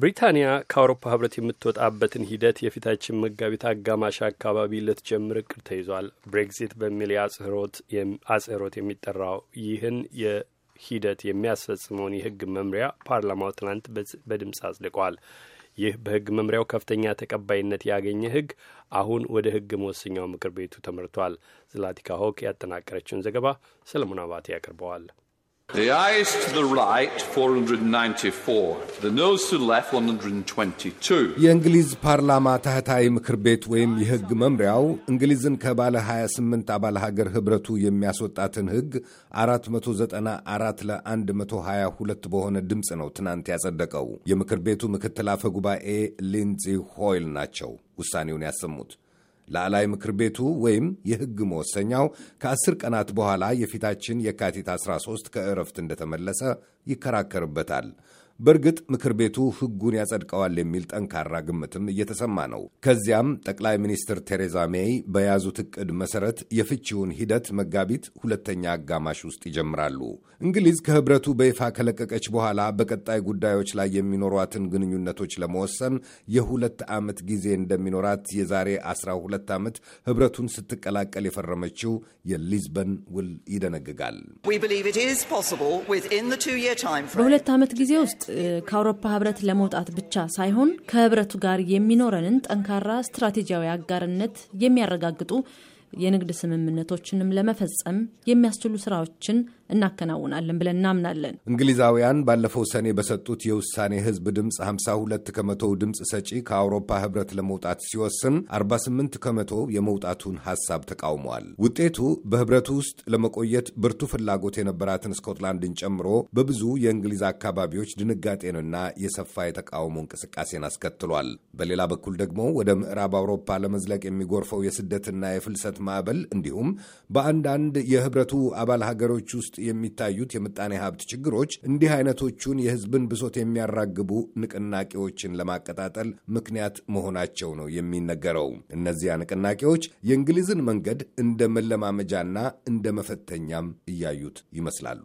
ብሪታንያ ከአውሮፓ ህብረት የምትወጣበትን ሂደት የፊታችን መጋቢት አጋማሽ አካባቢ ልትጀምር እቅድ ተይዟል። ብሬግዚት በሚል አጽሮት የሚጠራው ይህን ሂደት የሚያስፈጽመውን የህግ መምሪያ ፓርላማው ትናንት በድምፅ አጽድቋል። ይህ በህግ መምሪያው ከፍተኛ ተቀባይነት ያገኘ ህግ አሁን ወደ ህግ መወሰኛው ምክር ቤቱ ተመርቷል። ዝላቲካ ሆክ ያጠናቀረችውን ዘገባ ሰለሞን አባቴ ያቀርበዋል። The eyes to the right 494, the nose to the left 122. የእንግሊዝ ፓርላማ ታህታይ ምክር ቤት ወይም የሕግ መምሪያው እንግሊዝን ከባለ 28 አባል ሀገር ኅብረቱ የሚያስወጣትን ሕግ 494 ለ122 በሆነ ድምፅ ነው ትናንት ያጸደቀው። የምክር ቤቱ ምክትል አፈ ጉባኤ ሊንዚ ሆይል ናቸው ውሳኔውን ያሰሙት። ለዓላይ ምክር ቤቱ ወይም የሕግ መወሰኛው ከአስር ቀናት በኋላ የፊታችን የካቲት 13 ከእረፍት እንደተመለሰ ይከራከርበታል። በእርግጥ ምክር ቤቱ ሕጉን ያጸድቀዋል የሚል ጠንካራ ግምትም እየተሰማ ነው። ከዚያም ጠቅላይ ሚኒስትር ቴሬዛ ሜይ በያዙት እቅድ መሠረት የፍቺውን ሂደት መጋቢት ሁለተኛ አጋማሽ ውስጥ ይጀምራሉ። እንግሊዝ ከህብረቱ በይፋ ከለቀቀች በኋላ በቀጣይ ጉዳዮች ላይ የሚኖሯትን ግንኙነቶች ለመወሰን የሁለት ዓመት ጊዜ እንደሚኖራት የዛሬ 12 ዓመት ህብረቱን ስትቀላቀል የፈረመችው የሊዝበን ውል ይደነግጋል። በሁለት ዓመት ጊዜ ውስጥ ከአውሮፓ ህብረት ለመውጣት ብቻ ሳይሆን ከህብረቱ ጋር የሚኖረንን ጠንካራ ስትራቴጂያዊ አጋርነት የሚያረጋግጡ የንግድ ስምምነቶችንም ለመፈጸም የሚያስችሉ ስራዎችን እናከናውናለን ብለን እናምናለን። እንግሊዛውያን ባለፈው ሰኔ በሰጡት የውሳኔ ህዝብ ድምፅ 52 ከመቶ ድምፅ ሰጪ ከአውሮፓ ህብረት ለመውጣት ሲወስን 48 ከመቶ የመውጣቱን ሀሳብ ተቃውመዋል። ውጤቱ በህብረቱ ውስጥ ለመቆየት ብርቱ ፍላጎት የነበራትን ስኮትላንድን ጨምሮ በብዙ የእንግሊዝ አካባቢዎች ድንጋጤንና የሰፋ የተቃውሞ እንቅስቃሴን አስከትሏል። በሌላ በኩል ደግሞ ወደ ምዕራብ አውሮፓ ለመዝለቅ የሚጎርፈው የስደትና የፍልሰት ማዕበል እንዲሁም በአንዳንድ የህብረቱ አባል ሀገሮች ውስጥ የሚታዩት የምጣኔ ሀብት ችግሮች እንዲህ አይነቶቹን የህዝብን ብሶት የሚያራግቡ ንቅናቄዎችን ለማቀጣጠል ምክንያት መሆናቸው ነው የሚነገረው። እነዚያ ንቅናቄዎች የእንግሊዝን መንገድ እንደ መለማመጃና እንደ መፈተኛም እያዩት ይመስላሉ።